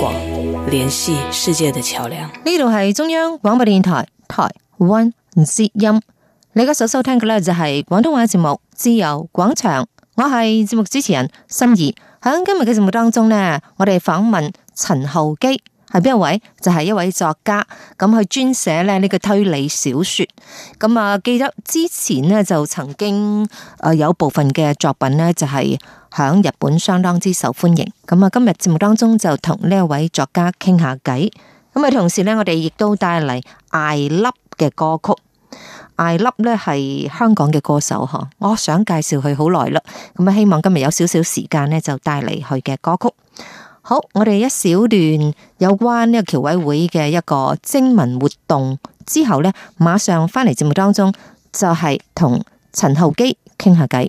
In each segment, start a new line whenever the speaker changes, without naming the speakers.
廣聯繫世界的橋樑，呢度係中央廣播電台台灣之音，你而家所收聽嘅咧就係廣東話節目《自由廣場》，我係節目主持人心儀。喺今日嘅節目當中咧，我哋訪問陳浩基。係邊一位？就係、是、一位作家，咁佢專寫呢呢個推理小說。咁啊，記得之前呢，就曾經有部分嘅作品呢、就是，就係響日本相當之受歡迎。咁啊，今日節目當中就同呢一位作家傾下偈。咁啊，同時呢，我哋亦都帶嚟艾粒嘅歌曲。艾粒呢係香港嘅歌手哈，我想介紹佢好耐啦。咁啊，希望今日有少少時間呢，就帶嚟佢嘅歌曲。好，我哋一小段有關呢個僑委會嘅一個徵文活動之後咧，馬上返嚟節目當中就係同陳浩基傾下偈。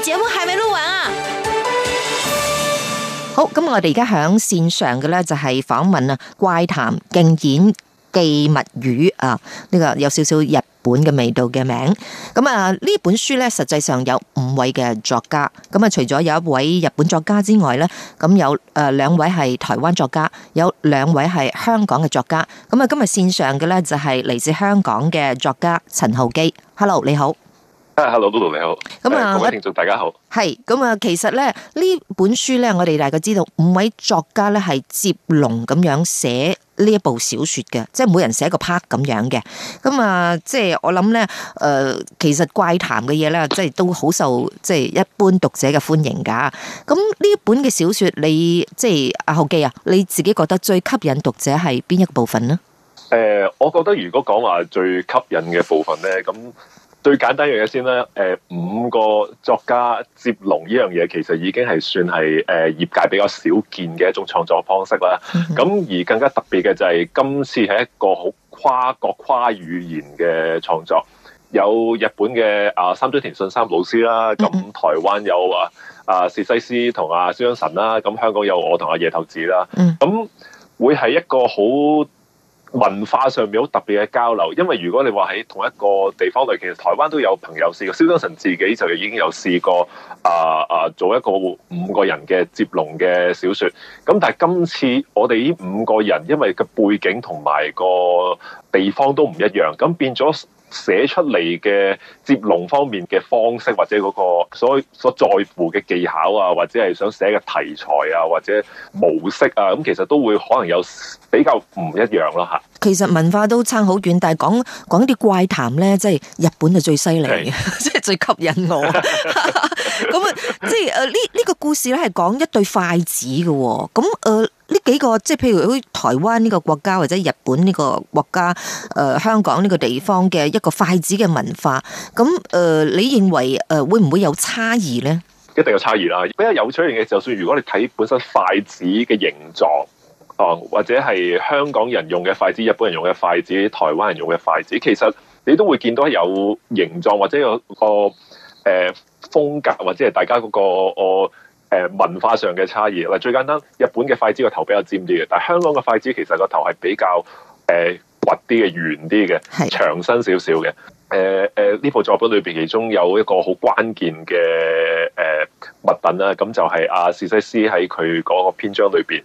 節目還未錄完啊！好，咁我哋而家響線上嘅咧就係訪問啊《怪談競演奇物語》啊，呢個有少少日本嘅味道嘅名。咁啊，呢本書咧實際上有五位嘅作家。咁啊，除咗有一位日本作家之外咧，咁有誒兩位係台灣作家，有兩位係香港嘅作家。咁啊，今日線上嘅咧就係嚟自香港嘅作家陳浩基。Hello，你好。
Hello，Donald，你好。咁啊那，觀眾大家好。
係，咁啊，其實咧呢本書咧，我哋大概知道五位作家咧係接龍咁樣寫呢一部小說嘅，即係每人寫一個 part 咁樣嘅。咁啊，即係我諗咧，誒、呃，其實怪談嘅嘢咧，即係都好受，即係一般讀者嘅歡迎噶。咁呢本嘅小說，你即係阿浩基啊，你自己覺得最吸引讀者係邊一部分呢？誒、
呃，我覺得如果講話最吸引嘅部分咧，咁。最簡單一樣嘢先啦，誒五個作家接龍呢樣嘢其實已經係算係誒業界比較少見嘅一種創作方式啦。咁、mm hmm. 而更加特別嘅就係、是、今次係一個好跨國跨語言嘅創作，有日本嘅三津田信三老師啦，咁、mm hmm. 台灣有啊啊薛西斯同阿瀟湘神啦，咁香港有我同阿夜透紫啦，咁、mm hmm. 會係一個好。文化上面好特別嘅交流，因為如果你話喺同一個地方裏，其實台灣都有朋友試過。蕭登臣自己就已經有試過，啊啊，做一個五個人嘅接龍嘅小説。咁但係今次我哋呢五個人，因為個背景同埋個地方都唔一樣，咁變咗。寫出嚟嘅接龍方面嘅方式，或者嗰個所所在乎嘅技巧啊，或者係想寫嘅題材啊，或者模式啊，咁其實都會可能有比較唔一樣咯吓。
其實文化都差好遠，但係講講啲怪談咧，即係日本係最犀利嘅，即係是的 最吸引我。咁 啊， 即係誒呢呢個故事咧係講一對筷子嘅，咁誒。呃呢幾個即係譬如好似台灣呢個國家或者日本呢個國家誒、呃、香港呢個地方嘅一個筷子嘅文化，咁誒、呃、你認為誒、呃、會唔會有差異呢？
一定有差異啦。比較有趣嘅就算如果你睇本身筷子嘅形狀，啊，或者係香港人用嘅筷子，日本人用嘅筷子，台灣人用嘅筷子，其實你都會見到有形狀或者有、嗰個誒、呃、風格或者係大家嗰、個我。啊誒，文化上嘅差異嗱，最簡單，日本嘅筷子個頭比較尖啲嘅，但係香港嘅筷子其實個頭係比較誒滑啲嘅、圓啲嘅、長身少少嘅。誒、呃、誒，呢、呃、部作品裏邊其中有一個好關鍵嘅誒物品啦，咁就係阿史西斯喺佢嗰個篇章裏邊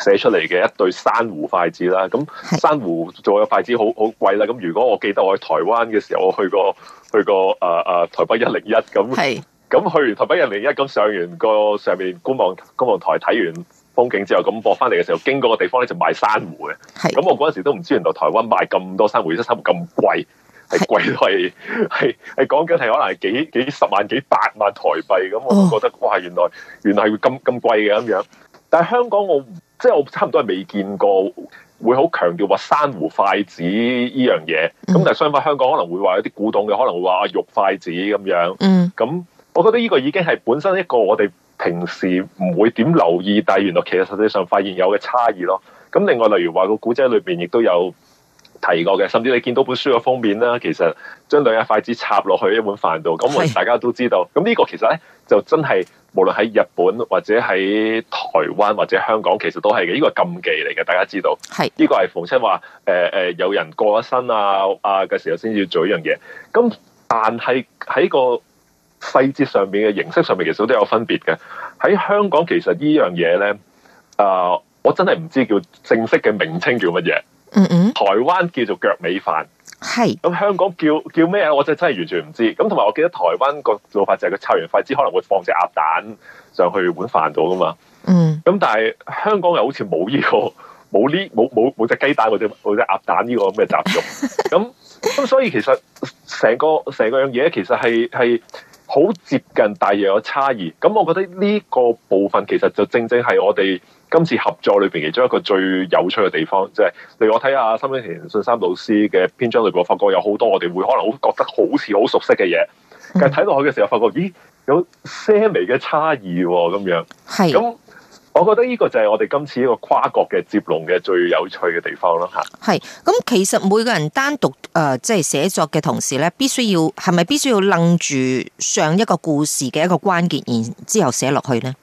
寫出嚟嘅一對珊瑚筷子啦。咁珊瑚做嘅筷子好好貴啦。咁如果我記得我喺台灣嘅時候，我去過去過誒誒台北一零一咁。咁去完台北一零一咁上完個上面觀望觀望台睇完風景之後，咁播翻嚟嘅時候，經過個地方咧就賣珊瑚嘅。咁，是的 我嗰陣時都唔知原來台灣賣咁多珊瑚，啲珊瑚咁貴，係是的 貴都係係係講緊係可能係幾，幾十萬幾百萬台幣咁，我就覺得、哦、哇原來原來係咁咁貴嘅咁樣。但係香港我即係我差唔多係未見過會好強調話珊瑚筷子呢樣嘢。咁、嗯、但係相反，香港可能會話有啲古董嘅可能會話玉筷子咁樣。咁、嗯。我覺得呢個已經係本身一個我哋平時唔會點留意，但係原來其實實際上發現有嘅差異咯。咁另外例如話個古仔裏邊亦都有提過嘅，甚至你見到本書嘅封面啦，其實將兩隻筷子插落去一碗飯度，咁我是大家都知道。咁、這、呢個其實咧就真係無論喺日本或者喺台灣或者香港，其實都係嘅，呢、這個禁忌嚟嘅，大家知道。係呢是個係逢親話誒誒有人過咗身啊啊嘅時候先要做呢樣嘢。咁但係喺個。細節上面嘅形式上面其實都有分別嘅。喺香港其實這件事呢樣嘢咧，啊，我真係唔知叫正式嘅名稱叫乜嘢。嗯嗯。台灣叫做腳尾飯。係是。咁香港叫叫咩啊？我真真係完全唔知。咁同埋我記得台灣個做法就係佢插完筷子可能會放隻鴨蛋上去碗飯度噶嘛。
嗯。
咁但係香港又好似冇呢個冇呢冇冇冇隻雞蛋或者或者鴨蛋呢個咁嘅習俗。咁咁、 嗯、所以其實成個成個樣嘢其實係係。是好接近，但係又有差異。咁，我覺得呢個部分其實就正正係我哋今次合作裏面其中一個最有趣嘅地方，即係譬如我睇下三津田信三老師嘅篇章裏面，我發覺有好多我哋會可能好覺得好似好熟悉嘅嘢，嗯、但係睇落去嘅時候，發覺咦有些微嘅差異咁、哦、樣。咁、啊。我覺得呢個就係我哋今次呢個跨國嘅接龍嘅最有趣嘅地方咯，吓。
係咁，其實每個人單獨誒，即係寫作嘅同時咧，必須要係咪必須要楞住上一個故事嘅一個關鍵，然之後寫落去呢？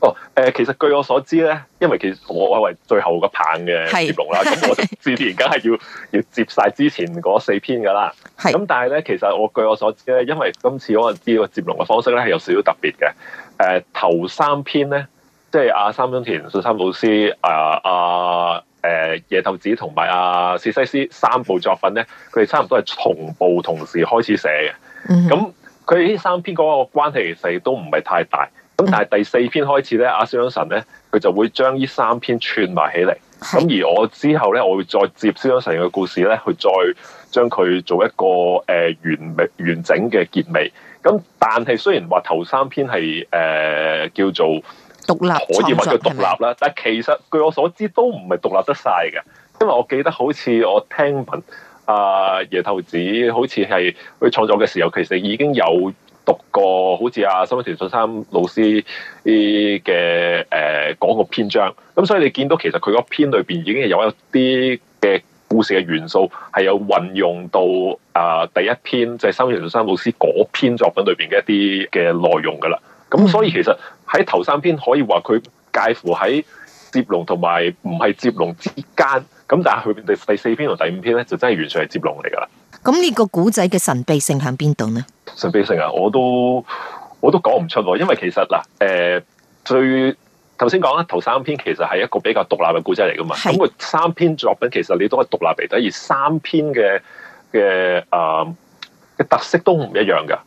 哦，
誒、呃，其實據我所知咧，因為其實我係為最後一個棒嘅接龍啦，咁是 我自然梗係要 要接晒之前嗰四篇噶啦。係咁，但係咧，其實我據我所知咧，因為今次我知個接龍嘅方式咧係有少少特別嘅。誒、呃，頭三篇咧。即係阿三中田、信三老師、阿阿誒夜頭子同埋阿史西斯三部作品咧，佢哋差唔多係同步同時開始寫嘅。咁佢哋呢三篇嗰個關係其實都唔係太大。咁但係第四篇開始咧，阿肖恩神咧，佢就會將呢三篇串埋起嚟。咁、mm hmm. 而我之後咧，我會再接肖恩神嘅故事咧，去再將佢做一個誒、呃、完美完整嘅結尾。咁但係雖然話頭三篇係誒、呃、叫做。
獨立創作啦，是
是但係其實據我所知都唔係獨立得晒嘅，因為我記得好似我聽聞阿夜透紫好似係佢創作嘅時候，其實已經有讀過好似阿、啊、三津田信三老師嘅誒嗰個篇章，咁所以你見到其實佢嗰篇裏邊已經有一啲嘅故事嘅元素係有運用到啊第一篇，即係、就是、三津田信三老師嗰篇作品裏邊嘅一啲嘅內容噶啦。咁所以其實喺頭三篇可以話佢介乎喺接龍同埋唔係接龍之間，咁但係佢第第四篇同第五篇咧就真係完全係接龍嚟噶啦。
咁呢個古仔嘅神秘性喺邊度呢？
神秘性啊，我都我都講唔出喎，因為其實嗱，誒、呃，最頭先講啦，頭三篇其實係一個比較獨立嘅古仔嚟噶嘛，咁佢是的 三篇作品其實你都係獨立嚟，而三篇嘅嘅誒嘅特色都唔一樣噶。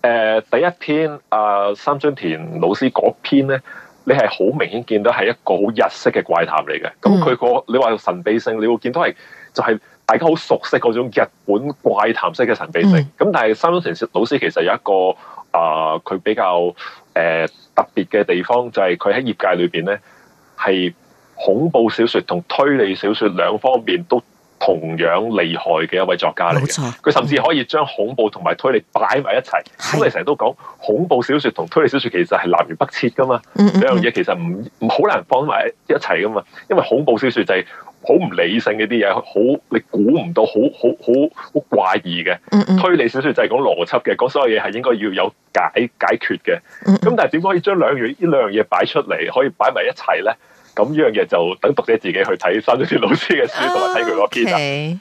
誒、呃，第一篇啊，三津田老師嗰篇咧，你係好明顯見到係一個好日式嘅怪談嚟嘅。咁佢、嗯那個你話神秘性，你會見到係就係大家好熟悉嗰種日本怪談式嘅神秘性。咁、嗯、但係三津田老師其實有一個啊，佢、呃、比較誒、呃、特別嘅地方就係佢喺業界裏邊咧係恐怖小說同推理小說兩方面都。同樣厲害嘅一位作家嚟嘅，佢冇錯，甚至可以將恐怖同埋推理擺埋一齊。咁你成日都講恐怖小説同推理小説其實係南轅北轍噶嘛，兩樣嘢其實唔好難放埋一齊噶嘛。因為恐怖小説就係好唔理性嘅啲嘢，好你估唔到，好好好好怪異嘅。嗯嗯、推理小説就係講邏輯嘅，講所有嘢係應該要有解解決嘅。咁、嗯、但係點可以將兩樣呢兩樣嘢擺出嚟，可以擺埋一齊咧？咁呢樣嘢就等讀者自己去睇新啲老師嘅書同埋睇佢個篇。咁 Okay,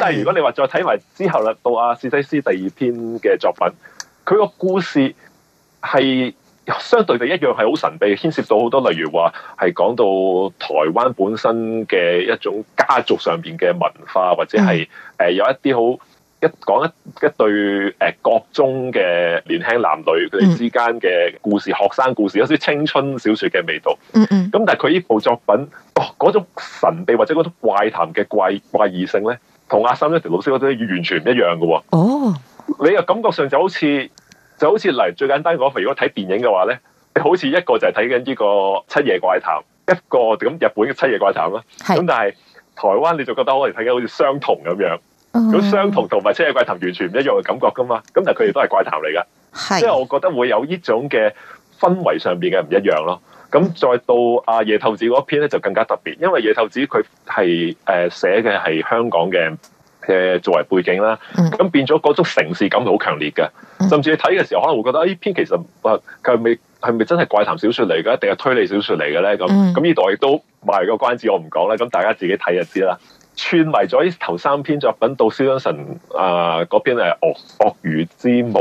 但係如果你話再睇埋之後啦，的到阿史西斯第二篇嘅作品，佢個故事係相對地一樣係好神秘，牽涉到好多例如話係講到台灣本身嘅一種家族上邊嘅文化，或者係誒有一啲好。一講一一對誒，國中嘅年輕男女佢哋之間嘅故事，嗯、學生故事有少少青春小說嘅味道。咁、嗯嗯、但係佢呢部作品，哦，嗰種神秘或者嗰種怪談嘅怪怪異性咧，同阿心一條老師嗰啲完全唔一樣
嘅
喎。哦，哦你嘅感覺上就好似就好似嚟，最簡單講，如果睇電影嘅話咧，你好似一個就係睇緊呢個《七夜怪談》，一個咁日本嘅《七夜怪談》啦。咁但係台灣你就覺得我哋睇緊好似相同咁樣。咁相同同埋《七夜怪談》完全唔一樣嘅感覺噶嘛，咁但係佢哋都係怪談嚟噶，即係是的 我覺得會有呢種嘅氛圍上邊嘅唔一樣咯。咁再到阿夜透子嗰篇咧就更加特別，因為夜透子佢係誒寫嘅係香港嘅嘅作為背景啦，咁、嗯、變咗嗰種城市感好強烈嘅，甚至你睇嘅時候可能會覺得，呢、哎、篇其實係佢係咪係咪真係怪談小說嚟噶，定係推理小說嚟嘅咧？咁咁呢度亦都賣個關子我，我唔講啦，咁大家自己睇就知啦。串埋咗頭三篇作品到肖恩臣啊嗰邊誒《惡、呃、惡魚之夢》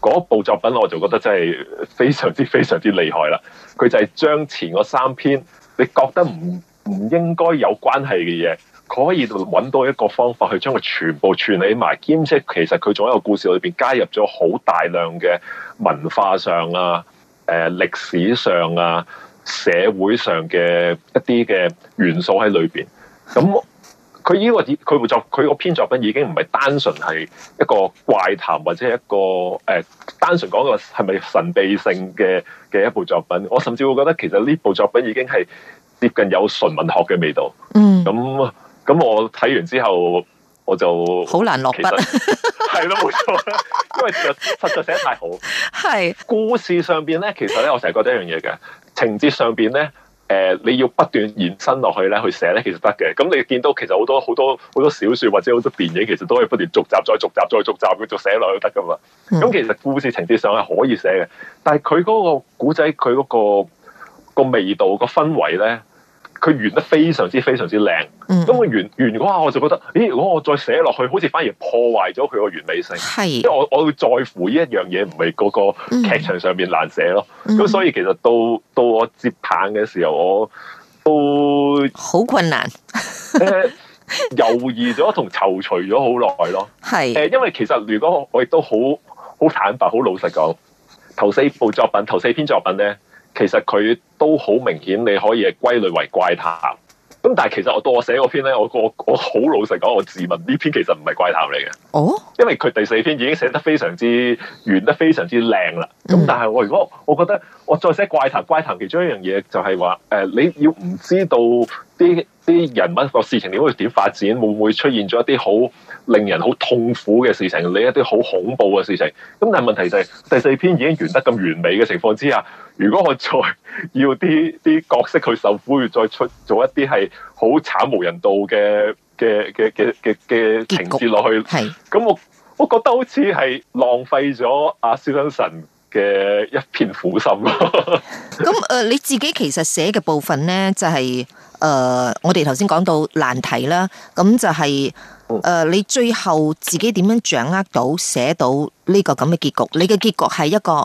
嗰部作品，我就覺得真係非常之非常之厲害啦！佢就係將前嗰三篇你覺得唔唔應該有關係嘅嘢，佢可以揾到一個方法去將佢全部串起埋，兼且其實佢仲喺個故事裏邊加入咗好大量嘅文化上啊、誒、呃、歷史上啊、社會上嘅一啲嘅元素喺裏邊咁。嗯佢呢個佢部作佢個篇作品已經唔係單純係一個怪談或者一個誒、呃、單純講個係咪神秘性嘅嘅一部作品，我甚至會覺得其實呢部作品已經係接近有純文學嘅味道。嗯，咁咁我睇完之後我就好難落筆其實，係咯冇錯，因為實在寫得太好。係。故事上邊咧，其實咧我成日覺得一樣嘢嘅情節上邊咧。誒，你要不斷延伸落去咧，去寫咧，其實得嘅。咁你見到其實好多好多好多小說或者好多電影，其實都可以不斷續集、再續集、再續集繼續寫落去得噶嘛。咁其實故事情節上係可以寫嘅，但係佢嗰個古仔，佢嗰個個味道、個氛圍咧。佢完得非常之非常之靚，咁佢完完嘅話，我就覺得，咦？如果我再寫落去，好似反而破壞咗佢個完美性。係是，因為我我會在乎每一樣嘢，唔係個個劇場上面難寫咯。咁、嗯、所以其實到、嗯、到我接棒嘅時候，我都好困難，猶、呃、 豫咗同躊躇咗好耐咯。係是，誒，因為其實如果我亦都好好坦白、好老實講，頭四部作品、頭四篇作品咧。其實佢都好明顯，你可以歸類為怪談。咁但係其實我當我寫嗰篇咧，我我我好老實講，我自問呢篇其實唔係怪談嚟嘅。哦，因為佢第四篇已經寫得非常之圓得非常之靚啦。咁但係我如果我覺得我再寫怪談，怪談其中一樣嘢就係、是、話，誒、呃、你要唔知道。啲啲人物個事情點會點發展，會唔會出現咗一啲好令人好痛苦嘅事情，你一啲好恐怖嘅事情。咁但係問題就係、是、第四篇已經完得咁完美嘅情況之下，如果我再要啲啲角色去受苦，要再出做一啲係好慘無人道嘅嘅嘅嘅嘅嘅情節落去，係咁是我我覺得好似係浪費咗阿孫生神嘅一片苦心咯。咁 誒、
呃，你自己其實寫嘅部分咧，就係、是。誒、呃，我哋頭先講到難題啦，咁就係、是、誒、呃，你最後自己點樣掌握到寫到呢個咁嘅結局？你嘅結局係一個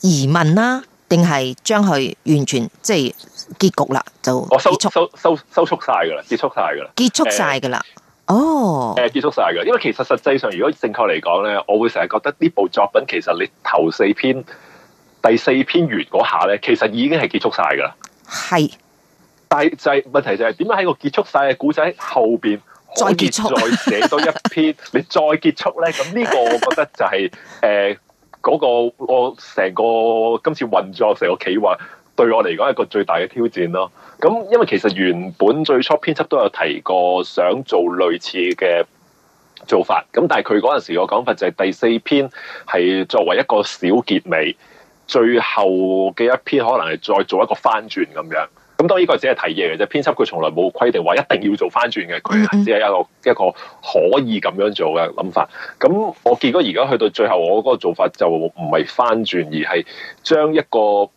疑問啦、啊，定係將佢完全即係、就是、結局啦？就
我收束收收收束晒噶啦，結束晒噶啦，結束晒噶
啦，呃、
哦，誒，結束晒噶，因為其實實際上如果正確嚟講咧，我會成日覺得呢部作品其實你頭四篇、第四篇完嗰下咧，其實已經係結束晒噶啦，係。但係就係問題就係點樣喺個結束晒嘅古仔後邊可以再寫多一篇？你再結束咧，咁呢 個我覺得就係誒嗰個我成個今次運作成個企劃對我嚟講係一個最大嘅挑戰咯。咁因為其實原本最初編輯都有提過想做類似嘅做法，咁但係佢嗰陣時個講法就係第四篇係作為一個小結尾，最後嘅一篇可能係再做一個翻轉咁樣。咁當然呢個只係提議嘅啫，編輯佢從來冇規定話一定要做翻轉嘅，佢只係一個一個可以咁樣做嘅諗法。咁我結果而家去到最後，我嗰個做法就唔係翻轉，而係將一個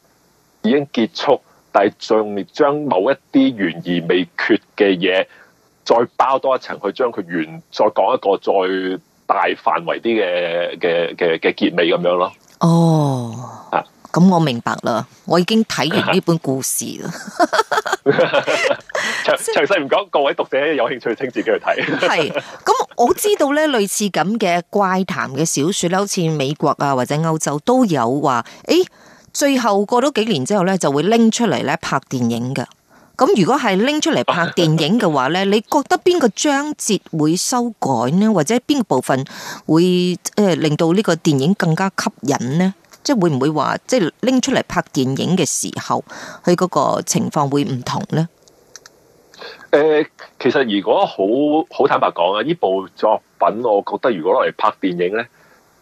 已經結束，但係仲將某一啲懸而未決嘅嘢，再包多一層去將佢原再講一個再大範圍啲嘅嘅嘅嘅結尾咁樣咯。
哦。Oh. 咁我明白啦，我已經睇完呢本故事啦，啊。
詳細唔講，各位讀者有興趣清晰他，清自己去睇。係咁，
我知道咧，類似咁嘅怪談嘅小說啦，好似美國啊或者歐洲都有話，誒、欸，最後過咗幾年之後咧，就會拎出嚟咧拍電影嘅。咁如果係拎出嚟拍電影嘅話咧，啊、你覺得邊個章節會修改呢？或者邊個部分會誒令到呢個電影更加吸引呢？即係會唔會話，即係拎出嚟拍電影嘅時候，佢嗰個情況會唔同咧？
誒，其實如果好好坦白講啊，呢部作品，我覺得如果攞嚟拍電影咧，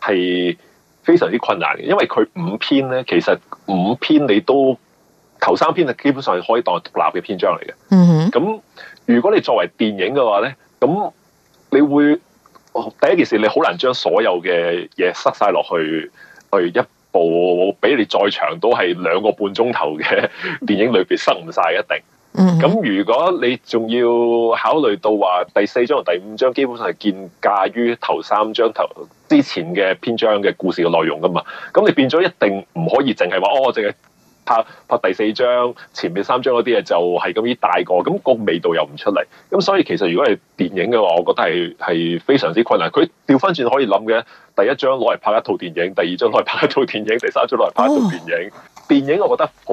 係非常之困難嘅，因為佢五篇咧，其實五篇你都頭三篇係基本上可以當獨立嘅篇章嚟嘅。嗯、mm，咁、hmm. 如果你作為電影嘅話咧，咁你會第一件事你好難將所有嘅嘢塞晒落去去一。部俾你再長都係兩個半鐘頭嘅電影裏邊塞唔晒一定，咁、mm hmm. 如果你仲要考慮到話第四章同第五章基本上係建架於頭三章頭之前嘅篇章嘅故事嘅內容噶嘛，咁你變咗一定唔可以淨係話哦，淨係。拍拍第四張，前面三張嗰啲啊，就係咁依大個，咁個味道又唔出嚟，咁所以其實如果係電影嘅話，我覺得係係非常之困難。佢調翻轉可以諗嘅，第一張攞嚟拍一套電影，第二張攞嚟拍一套電影，第三張攞嚟拍一套電影。Oh. 電影我覺得好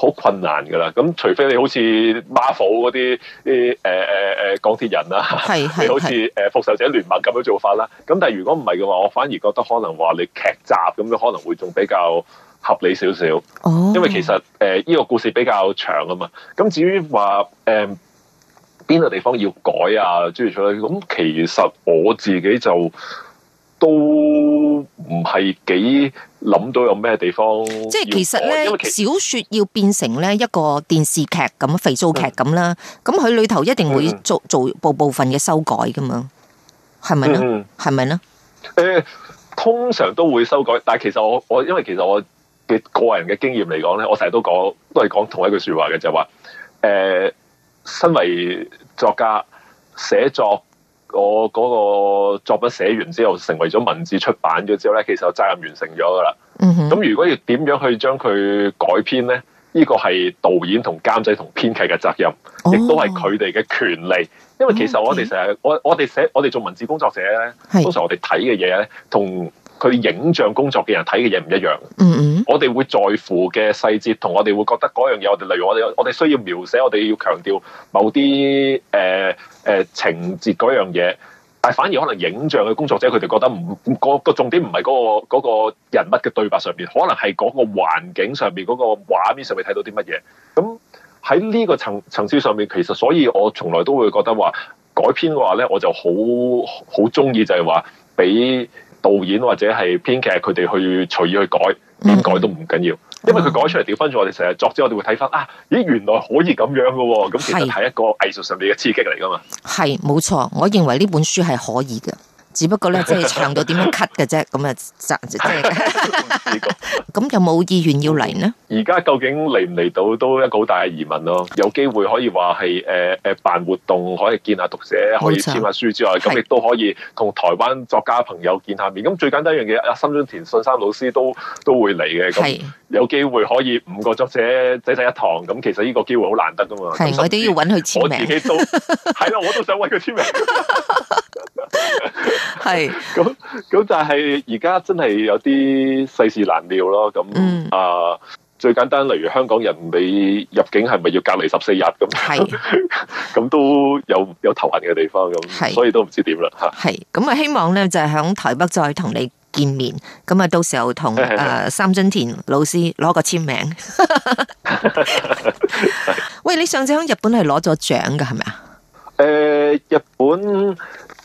好困難㗎喇，咁除非你好似 Marvel 嗰啲啲誒、呃、誒誒、呃、鋼鐵人啊，你好似誒、呃、復仇者聯盟咁樣做法啦。咁但係如果唔係嘅話，我反而覺得可能話你劇集咁樣可能會仲比較合理少少，因為其實誒呢、呃這個故事比較長啊嘛。咁至於話誒邊個地方要改啊，諸如此類咁，其實我自己就都唔係幾諗到有咩地方。即係其實咧，實小
說要變成咧一個電視劇咁肥皂劇咁啦，咁佢、嗯、裏頭一定會做、嗯、做部部分嘅修改噶嘛，係咪咧？係咪咧？誒
吧、呃，通常都會修改，但係其實我我因為其實我。嘅個人嘅經驗嚟講咧，我成日都講，都係講同一句說話嘅，就係話，誒，身為作家寫作，我嗰個作品寫完之後，成為咗文字出版咗之後咧，其實責任完成咗㗎喇。咁、mm hmm. 如果要點樣去將佢改編咧，呢、這個係導演同監製同編劇嘅責任，亦都係佢哋嘅權利。因為其實我哋成日，我我哋寫，我哋做文字工作者咧，通常我哋睇嘅嘢咧，同，佢影像工作嘅人睇嘅嘢唔一樣，我哋會在乎嘅細節同我哋會覺得嗰樣嘢，我哋例如我哋我哋需要描寫我哋要強調某啲誒誒情節嗰樣嘢，但係反而可能影像嘅工作者佢哋覺得唔個個重點唔係嗰個嗰個人物嘅對白上面，可能係嗰個環境上面嗰個畫面上面睇到啲乜嘢。咁喺呢個層層次上面，其實所以我從來都會覺得話改編嘅話咧，我就好好中意就係話俾。導演或者係編劇，佢哋去隨意去改，點改都唔緊要，嗯嗯、因為佢改出嚟調翻咗。我哋成日作詞我哋會睇翻啊！咦，原來可以咁樣噶，咁其實係一個藝術上面嘅刺激嚟噶嘛。
係冇錯，我認為呢本書係可以嘅，只不過咧即係唱到點樣 cut 嘅啫，咁啊，即係。咁有冇意願要嚟呢？
而家究竟嚟唔嚟到都一個好大嘅疑問咯。有機會可以話係誒誒辦活動，可以見下讀者，錯可以簽下書之外，咁亦都可以同台灣作家朋友見下面。咁最簡單一樣嘢，阿三津田信三老師都都會嚟嘅。咁是有機會可以五個作者濟濟一堂。咁其實呢個機會好難得噶嘛。係是我都
要揾佢簽名。我自己都
係啦、 啊，我都想揾佢簽名。係咁咁就係而家真係有啲世事難料咯。咁、嗯、啊，最簡單例如香港人，你入境係咪要隔離十四日咁？係咁是 都有有頭痕嘅地方咁，是所以都唔知點啦吓。係
咁啊，希望咧就係、是、響台北再同你見面，咁啊到時候同誒是、啊、三津田老師攞個簽名。是是是 喂，你上次響日本係攞咗獎噶係咪啊？
誒、呃，日本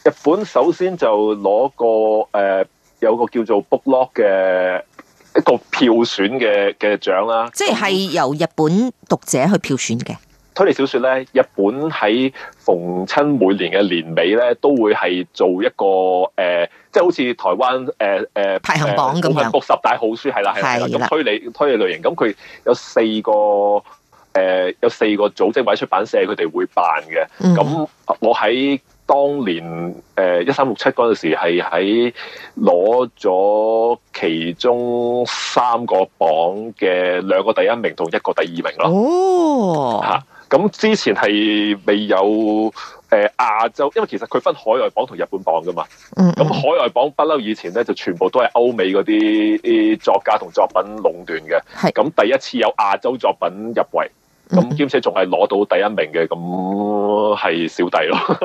日本首先就攞個誒、呃、有個叫做 b o o k l o c k 嘅。一個票選嘅嘅獎啦，即
係由日本讀者去票選嘅
推理小說咧。日本喺逢親每年嘅年尾咧，都會係做一個誒、呃，即係好似台灣誒誒排行榜咁樣、呃，公佈十大好書係啦，係推理推理類型。咁佢有四個誒、呃，有四個組織或者出版社，佢哋會辦嘅。咁、嗯、我喺。當年誒1367嗰陣時，係喺攞咗其中三個榜嘅兩個第一名同一個第二名咯。哦、oh. 啊，嚇！咁之前係未有誒、呃、亞洲，因為其實佢分海外榜同日本榜㗎嘛。咁、mm hmm. 海外榜不嬲以前咧，就全部都係歐美嗰啲作家同作品壟斷嘅。係。咁第一次有亞洲作品入圍。咁兼、嗯嗯、且仲係攞到第一名嘅，咁係小弟咯。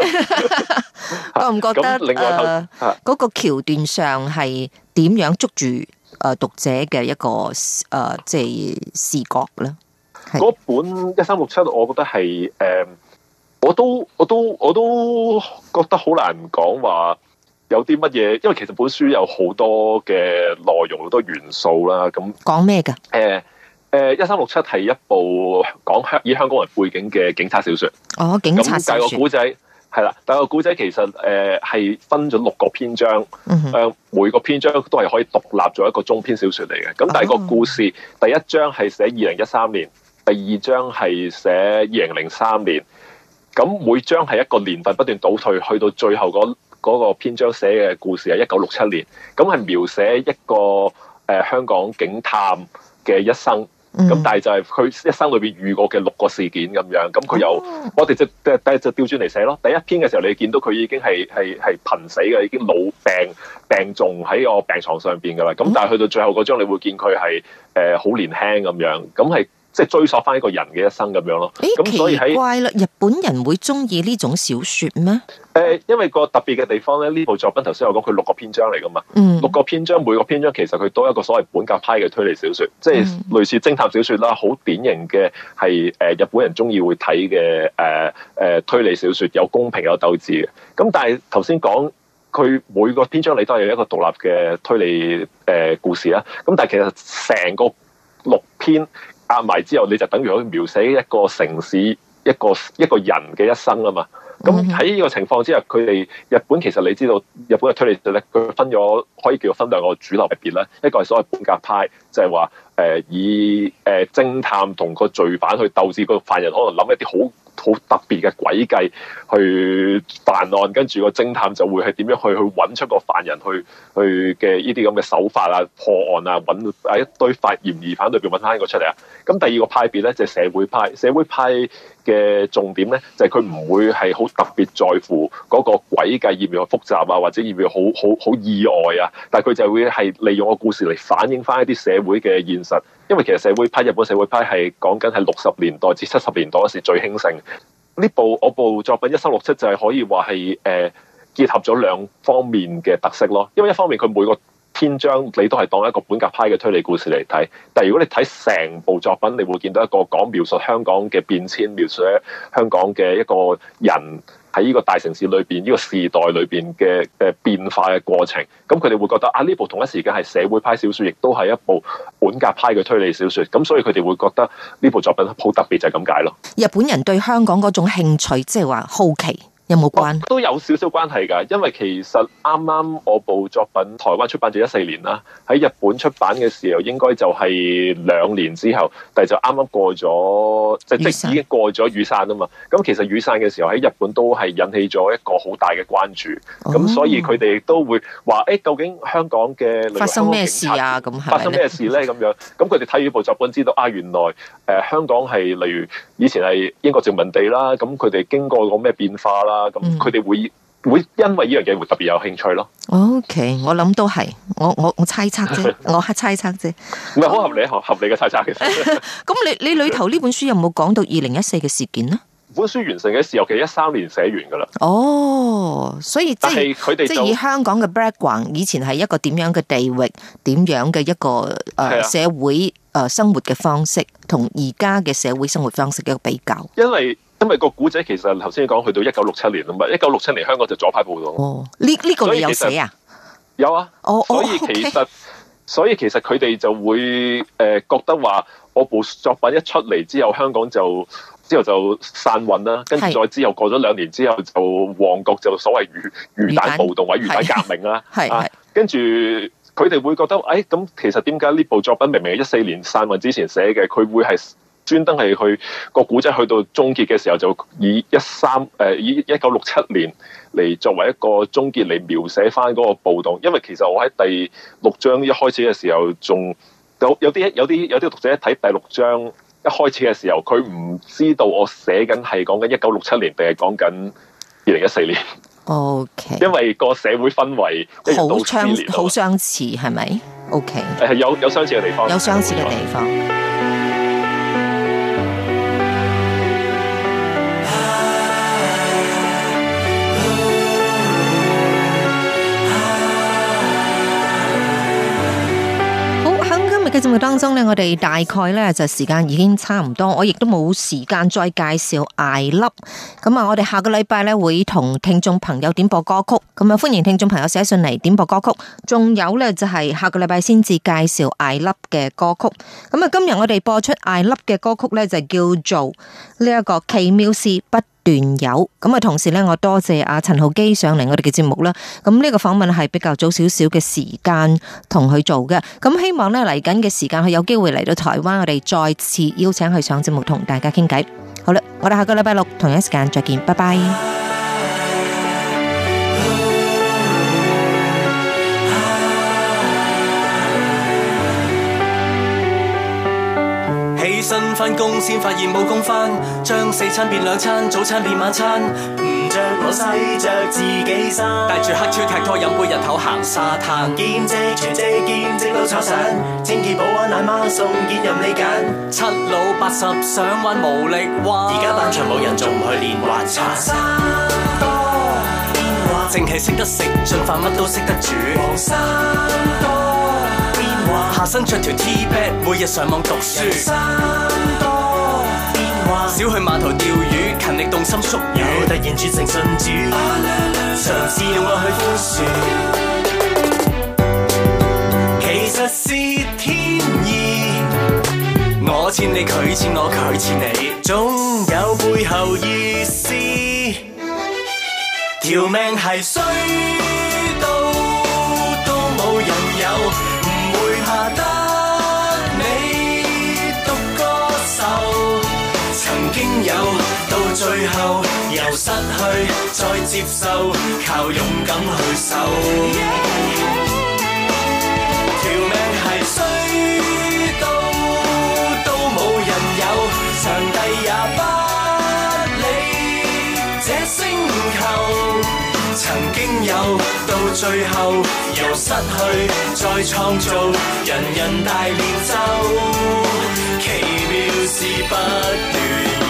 覺唔覺得？ 另外一，嗰、呃那個橋段上係點樣捉住誒讀者嘅一個誒即係視覺咧？
嗰本一三六七，我覺得係誒，我都我都我都覺得好難講話有啲乜嘢，因為其實本書有好多嘅內容好多元素啦。咁講咩㗎？誒。呃誒，一三六七係一部講香以香港為背景嘅警察小說。哦，
警察小說。咁但係個古
仔係啦，但係個古仔其實誒係分咗六個篇章，誒、嗯、哼每個篇章都係可以獨立做一個中篇小說嚟嘅。咁第一個故事，哦、第一章係寫二零一三年，第二章係寫二零零三年。咁每章係一個年份不斷倒退，去到最後嗰嗰個篇章寫嘅故事係一九六七年。咁係描寫一個誒、呃、香港警探嘅一生。咁、嗯、但係就係佢一生裏邊遇過嘅六個事件咁樣，咁佢又，啊、我哋就第第一就調轉嚟寫咯。第一篇嘅時候你見到佢已經係係係瀕死嘅，已經老病病重喺個病床上邊噶啦。咁、嗯、但係去到最後嗰張你會見佢係誒好年輕咁樣，咁係。即係追索翻一個人嘅一生咁樣咯。咁所以怪
啦，日本人會中意呢種小說咩？
誒、呃，因為個特別嘅地方咧，呢部作品頭先我講佢六個篇章嚟噶嘛嗯、六個篇章每個篇章其實佢都有一個所謂本格派嘅推理小說，即係類似偵探小說啦，好、嗯、典型嘅係誒日本人中意會睇嘅誒誒推理小說，有公平有鬥智嘅。咁但係頭先講佢每個篇章你都係有一個獨立嘅推理誒故事啦。咁但係其實成個六篇。加埋之後，你就等於可以描寫一個城市、一個一個人嘅一生啊嘛。咁喺呢個情況之下，佢哋日本其實你知道日本嘅推理劇咧，佢分咗可以叫做分兩個主流入邊啦，一個係所謂本格派，就係話，呃，以，呃，偵探同個罪犯去鬥智，個犯人可能諗一啲好，好特別嘅詭計去犯案，跟住個偵探就會係點樣去去揾出個犯人去去嘅呢啲咁嘅手法啊、破案啊、揾啊一堆發嫌疑犯裏邊揾翻個出嚟啊。咁第二個派別咧，就係社會派，社會派。嘅重點咧，就係佢唔會係好特別在乎嗰個詭計要唔要複雜啊，或者要唔要好好好意外啊。但佢就會係利用個故事嚟反映翻一啲社會嘅現實。因為其實社會派、日本社會派係講緊係六十年代至七十年代嗰時最興盛。呢部我部作品一三六七就係可以話係誒結合咗兩方面嘅特色咯，因為一方面佢每個篇章你都係當一個本格派嘅推理故事嚟睇，但係如果你睇成部作品，你會見到一個講描述香港嘅變遷，描述香港嘅一個人喺呢個大城市裏邊呢個時代裏邊嘅嘅變化嘅過程，咁佢哋會覺得啊呢部同一時間係社會派小說，亦都係一部本格派嘅推理小說，咁所以佢哋會覺得呢部作品好特別就係咁解咯。
日本人對香港嗰種興趣，即係話好奇。有冇
關、哦、都有少少關係噶，因為其實啱啱我部作品台灣出版咗一四年啦，喺日本出版嘅時候應該就係兩年之後，但係就啱啱過咗，傘即係已經過咗雨傘啊嘛。咁其實雨傘嘅時候喺日本都係引起咗一個好大嘅關注，咁、哦、所以佢哋都會話誒、欸，究竟香港嘅發生咩
事啊？咁發生咩事咧？咁
樣咁佢哋睇完部作品知道啊，原來誒、呃、香港係例如以前係英國殖民地啦，咁佢哋經過過咩變化啦？啊！咁佢哋會會因為呢樣嘢特別有興趣
咯。OK，我諗都係，我我我猜測啫， 我係猜測啫，
唔係好合理嗬？ 合理嘅猜測其實
咁你你裏頭呢本書有冇講到二零一四嘅事件呢？
本書完成嘅時候，其實一三年寫完噶
啦。哦，所以即係佢哋即係以香港嘅 background，以前係一個點樣嘅地域，點樣嘅一個誒社會誒生活嘅方式，同而家嘅社會生活方式嘅一個比較。
因為因為個古仔其實頭先講去到一九六七年啦嘛，一九六七年香港就左派暴動。哦，呢、這、呢個你有寫啊？有啊。所以其實，啊哦、所以其實佢哋、哦 okay、就會誒覺得話，我部作品一出嚟之後，香港就之後就散運啦。跟住再之後過咗兩年之後，就旺角就所謂魚魚蛋暴動或魚,魚蛋革命啦。係。啊、跟住佢哋會覺得，誒、哎，咁其實點解呢部作品明明係一四年散運之前寫嘅，佢會係？專登係去個古仔，去到終結嘅時候，就以一三誒、呃，以一九六七年嚟，作為一個終結嚟描寫翻嗰個暴動。因為其實我喺第六章一開始嘅時候，仲有有啲有啲有啲讀者睇第六章一開始嘅時候，佢唔知道我寫緊係講緊一九六七年定係講緊二零一四年。
O K，
因為個社會氛圍好相似，
好相似係咪？O K，
有有相似嘅地方，有相似
嘅地方。喺節目當中咧，我哋大概咧就時間已經差唔多，我亦都冇時間再介紹艾粒。咁啊，我哋下個禮拜咧會同聽眾朋友點播歌曲，咁啊歡迎聽眾朋友寫信嚟點播歌曲。仲有咧就係下個禮拜先至介紹艾粒嘅歌曲。咁啊，今日我哋播出艾粒嘅歌曲咧就叫做呢一個奇妙事不段友咁啊！同時咧，我多謝阿陳浩基上嚟我哋嘅節目啦。咁、這、呢個訪問係比較早少少嘅時間同佢做嘅。咁希望咧嚟緊嘅時間佢有機會嚟到台灣，我哋再次邀請佢上節目同大家傾偈。好啦，我哋下個禮拜六同一時間再見，拜拜。
翻工先發現冇工翻，將四餐變兩餐，早餐變晚餐，唔着我洗着自己衫。帶住黑超踢拖，飲杯日頭行沙灘，兼職全職兼職都坐上，清潔保安奶媽送件任你揀。七老八十想玩無力玩，而家班場冇人仲唔去練滑鏟。三多。變化，淨係識得食，盡飯乜都識得煮。哥下身着條 T back 每日上網讀書。多電話少去碼頭釣魚，勤力動心縮腰。突然轉成信主，嘗試、啊、用愛去寬恕。其實是天意，嗯、我欠你佢欠我佢欠你，總有背後意思。條、嗯嗯、命係衰。擁有到最後，由失去再接受，靠勇敢去守。條 Yeah. 命係衰到都冇人有，上帝也不理這星球。曾經有到最後，由失去再創造，人人大練就，奇妙事不斷。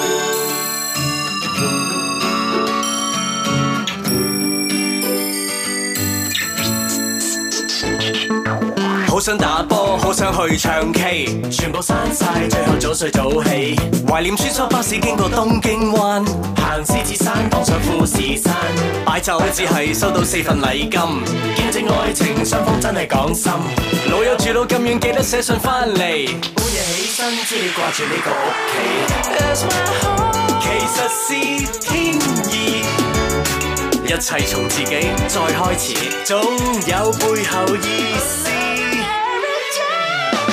想打波，好想去唱 K，全部刪晒，最後早睡早起。懷念穿梭巴士經過東京灣，行獅子山，登上富士山，擺酒只係收到四份禮金，見證愛情，雙方真係講心。老友住到咁遠，記得寫信翻嚟。半夜起身，只要掛住呢個屋企。My home, 其實是天意，一切從自己再開始，總有背後意思。